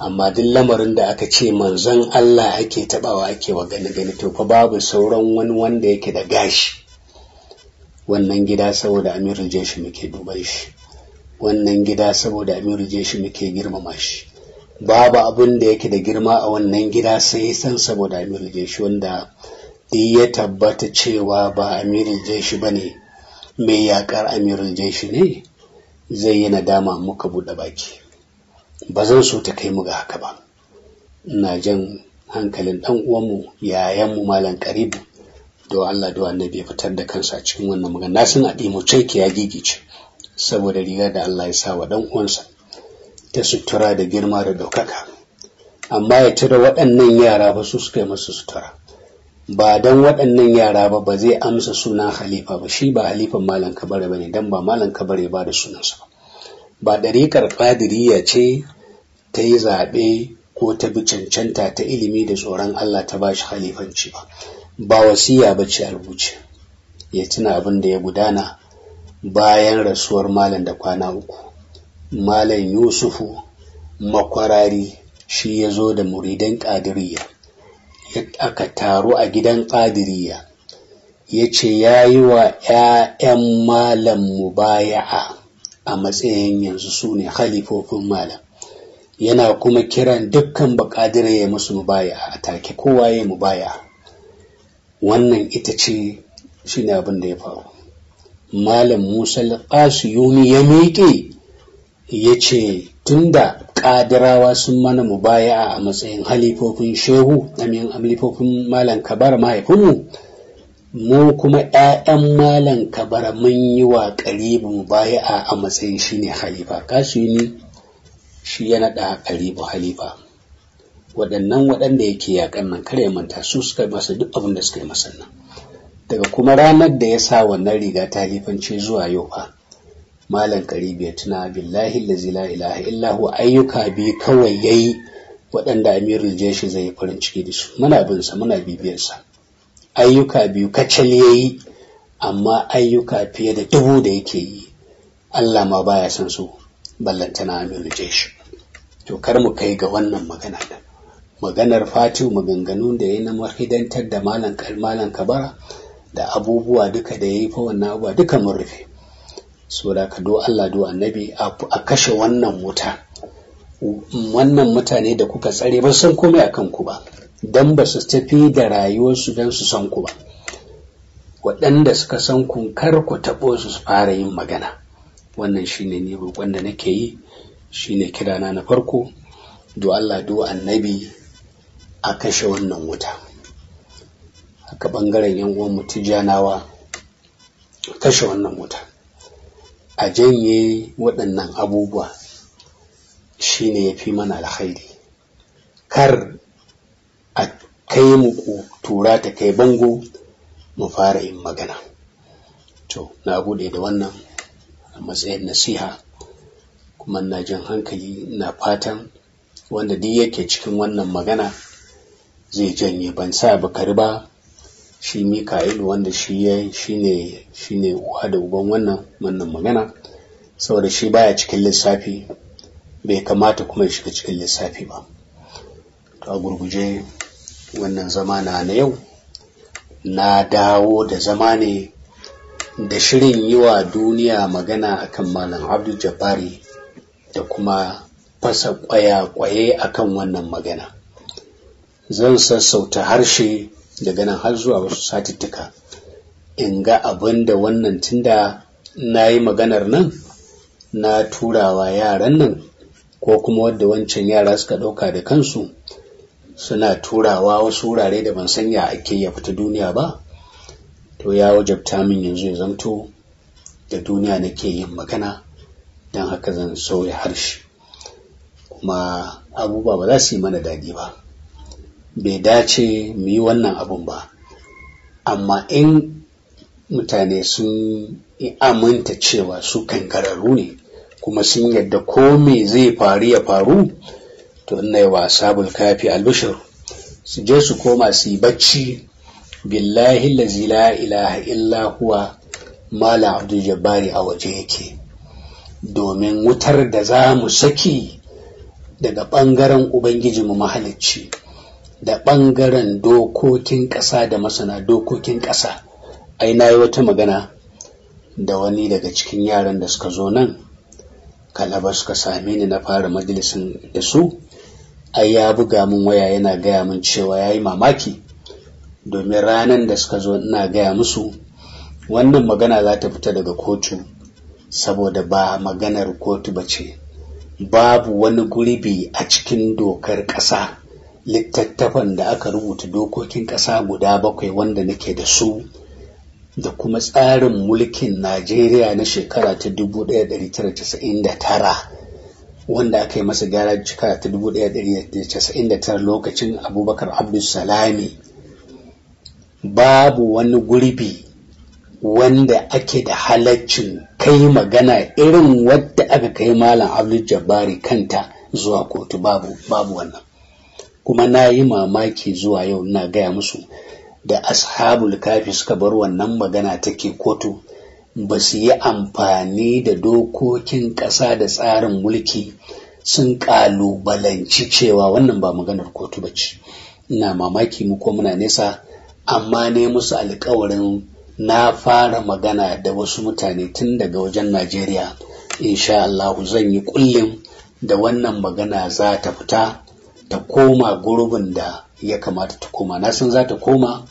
amma duk lamarin da aka ce manzon Allah ake tabawa ake wa gani gani to fa babu sauran wani wanda yake da gashi wannan gida saboda amirul jeshi muke duban shi wannan gida saboda amirul jeshi muke girmama shi babu abin da yake da girma a wannan gida sai san saboda amirul jeshi wanda duk ya tabbata cewa ba amirul jeshi bane mai yakar amirul jeshi ne zai yi nadama muka buɗe baki ba zan so ta kai mu ga haka ba ina jan hankalin dan uwanmu mu malam karib don Allah da annabi ya fitar da kansa cikin wannan magana na san mu ceki ya gigice saboda riga da Allah ya sa wa dan uwansa ta sutura da girma da daukaka amma ya cire waɗannan yara ba su suka yi masa sutura ba dan waɗannan yara ba ba zai amsa sunan halifa ba shi ba halifan malam kabare ba ne don ba malam kabare ba da sunansa ba ba ɗariƙar ƙadiriya ce ta yi zaɓe ko ta bi cancanta ta ilimi da tsoron Allah ta bashi halifanci ba ba wasiya ba ce a rubuce ya tuna abin da ya gudana bayan rasuwar malam da kwana uku malam yusufu makwarari shi ya zo da muridan ƙadiriya aka taru a gidan ƙadiriya ya ce ya yi wa 'ya'yan malam mubaya'a a matsayin yanzu su ne halifofin malam yana kuma kiran dukkan bakadire ya musu mubaya a take kowa ya mubaya wannan ita ce shi ne abin da ya faru malam musa yumi ya miƙe ya ce tun da ƙadirawa sun mana mubaya a matsayin halifofin shehu amin halifofin malam kabar mahaifinmu mu kuma ‘ya'yan malam kabara mun yi wa ƙaribin baya a matsayin shi ne halifa ne shi ya naɗa ƙaribin halifa waɗannan waɗanda yake yaƙan nan kare manta su suka yi masa duk abin suka yi masa nan daga kuma ranar da ya sa wannan riga ta halifanci zuwa yau ba, malam ƙaribu ya tuna billahi lazi la ilaha illahu ayyuka biyu kawai yayi waɗanda amirul jeshi zai yi farin ciki da su muna bin sa muna bibiyar sa ayyuka biyu kacal ya yi amma ayyuka fiye da dubu da yake yi Allah ma baya san su ballantana aminu jeshi to kar mu kai ga wannan magana da maganar fatihu maganganun da ya na mahidantar da malan kalmalan kabara da abubuwa duka da ya yi fa wannan abubuwa duka mun rufe so da ka do Allah do annabi a kashe wannan wuta wannan mutane da kuka tsare ba san komai akan ku ba don ba su tafi da rayuwarsu don su san ku ba waɗanda suka san ku kar ku taɓo su su fara yin magana wannan shine ne roƙon da nake yi shine kirana na farko do Allah do annabi a kashe wannan wuta haka ɓangaren yan uwan mu tijanawa kashe wannan wuta a janye waɗannan abubuwa shine ya fi mana alkhairi kar a kai mu ku tura ta kai bango mu fara yin magana to na gode da wannan a matsayin nasiha kuma na jan hankali na fatan wanda duk yake cikin wannan magana zai janye ban sa bakari ba shi mika'ilu wanda shi ya shine shine uwa da uban wannan wannan magana saboda shi baya cikin lissafi bai kamata kuma ya shiga cikin lissafi ba to a gurguje wannan zama na yau na dawo da zama ne da shirin yi wa duniya magana akan malam abdul jabari da kuma fasa kwaya-kwaye akan wannan magana zan sassauta harshe daga nan har zuwa wasu satittuka in ga abin da wannan tunda na yi maganar nan na turawa yaran nan ko kuma wadda wancan yara suka ɗauka da kansu suna turawa wasu wurare da ban sanya ya ake ya fita duniya ba to ya wajabta min yanzu ya zanto da duniya nake yin magana don haka zan sauya harshe kuma abubuwa ba za su yi mana daɗi ba bai dace mu yi wannan abun ba amma in mutane sun aminta cewa su kankararru ne kuma sun yadda ko me zai faru ya faru to inna wa sabul kafi albishir su je su koma su yi bacci billahi lazi la ilaha illa huwa mala abdul jabbari a waje yake domin wutar da za mu saki daga ɓangaren mu mahalicci da ɓangaren dokokin ƙasa da masana dokokin ƙasa ai na yi wata magana da wani daga cikin yaran da suka zo nan kalaba suka same ni na fara majalisin da su ai ya buga min waya yana gaya min cewa ya yi mamaki domin ranar da suka zo ina gaya musu wannan magana za ta fita daga kotu saboda ba maganar kotu ba ce babu wani gurbi a cikin dokar ƙasa littattafan da aka rubuta dokokin ƙasa guda bakwai wanda nake da su da kuma tsarin mulkin najeriya na shekara ta 1999 wanda aka yi masa gyara cika ta 1999 lokacin abubakar abdulsalami babu wani gurbi wanda ake da halaccin kai magana irin wadda aka kai malam abdul jabari kanta zuwa kotu babu babu wannan kuma na yi mamaki zuwa yau na gaya musu da ashabul kafi suka bar wannan magana take kotu ba su yi amfani da dokokin ƙasa da tsarin mulki sun ƙalubalanci cewa wannan ba maganar kotu ba ce ina mamaki mu ko muna nesa amma ne musu alkawarin na fara magana da wasu mutane tun daga wajen najeriya insha Allahu zan yi kullum da wannan magana za ta fita ta koma gurbin da ya kamata ta koma na san za ta koma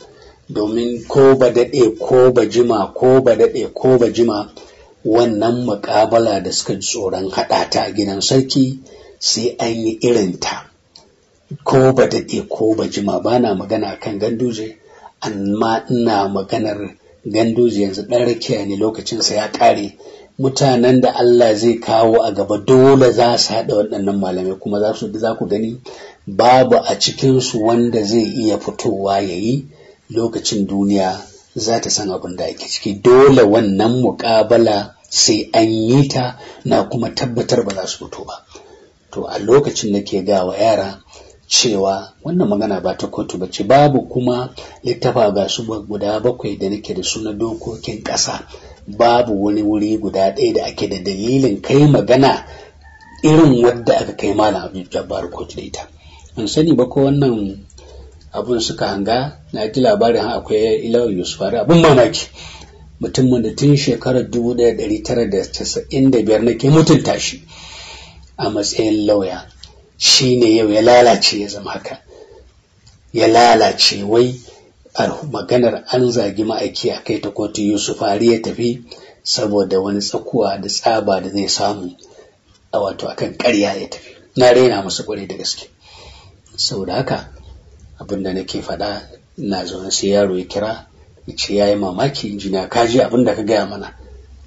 domin ko ba daɗe ko ba jima ko ba daɗe ko ba jima wannan muƙabala da suka ji tsoron haɗa ta a gidan sarki sai an yi irinta ko ba daɗe ko ba jima ba na magana kan ganduje amma ina maganar ganduje yanzu ɗan rakiya ne lokacinsa ya ƙare mutanen da Allah zai kawo a gaba dole za su haɗa waɗannan malamai kuma za ku gani babu a cikinsu wanda zai iya fitowa ya yi lokacin duniya za ta san abin da ake ciki dole wannan muƙabala sai an yi ta na kuma tabbatar ba za su fito ba to a lokacin nake ga wa yara cewa wannan magana ba ta kotu ba ce babu kuma littafa ga su guda bakwai da nake da suna dokokin ƙasa babu wani wuri guda ɗaya da ake da dalilin kai magana irin wadda aka kai malam abu jabbar kotu da ita ban sani ba ko wannan abun suka hanga na ji labarin akwai yusuf fara abun mamaki mutumin da tun shekarar 1995 nake mutunta shi a matsayin lauya shi ne yau ya lalace ya zama haka ya lalace wai a maganar an zagi ma'aiki a kai ta kotu yusuf hari ya tafi saboda wani tsakuwa da tsaba da zai samu a wato akan karya ya tafi na raina masu kwarai da gaske sau da haka abin da nake faɗa ina zaune sai yaro ya kira ya ce ya yi mamaki injiniya ka ji abin da ka gaya mana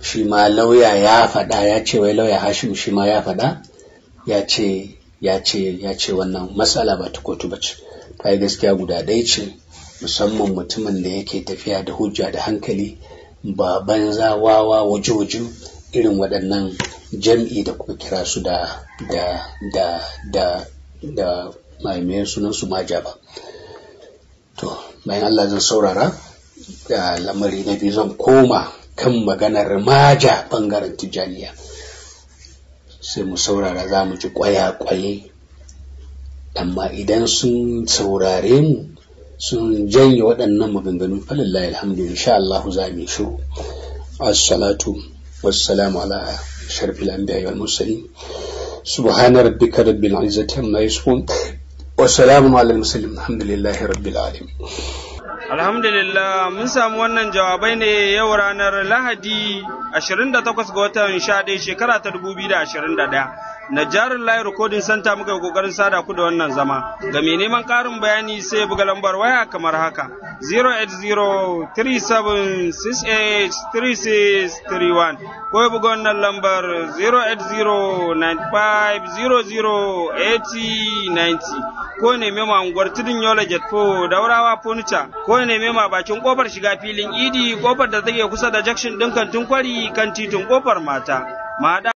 shi ma lauya ya faɗa ya ce wai lauya hashim shi ma ya faɗa ya ce ya ce ya ce wannan matsala ba ta kotu ba ce ta yi gaskiya guda ɗaya ce musamman mutumin da yake tafiya da hujja da hankali ba banza wawa waje-waje irin waɗannan jam'i da kuka kira su da da da da da mai sunan su maja ba to bayan Allah zan saurara ga lamari na biyu zan koma kan maganar maja bangaren tijaniya sai mu saurara za mu ji kwaya-kwaye amma idan sun saurare mu sun janye waɗannan maganganu falillahi alhamdu insha Allah za mu shiru assalatu wassalamu ala sharfi anbiya wal mursalin subhana rabbika rabbil izzati amma yasifun wassalamu ala muslim alhamdulillah rabbil alamin Alhamdulillah mun samu wannan jawabai ne yau ranar Lahadi 28 ga watan 11 shekara ta 2021 Na jarin layi rikodin santa muka kokarin sada ku da wannan zama. Ga mai neman ƙarin bayani sai buga lambar waya kamar haka 08037683631 ko buga wannan lambar 08095008090 ko neme mema unguwar Tudun Yola Jetfo Daurawa Furniture ko neme mema bakin kofar shiga filin Idi kofar da take kusa da jakshin ɗin kantin kwari kan titin kofar mata.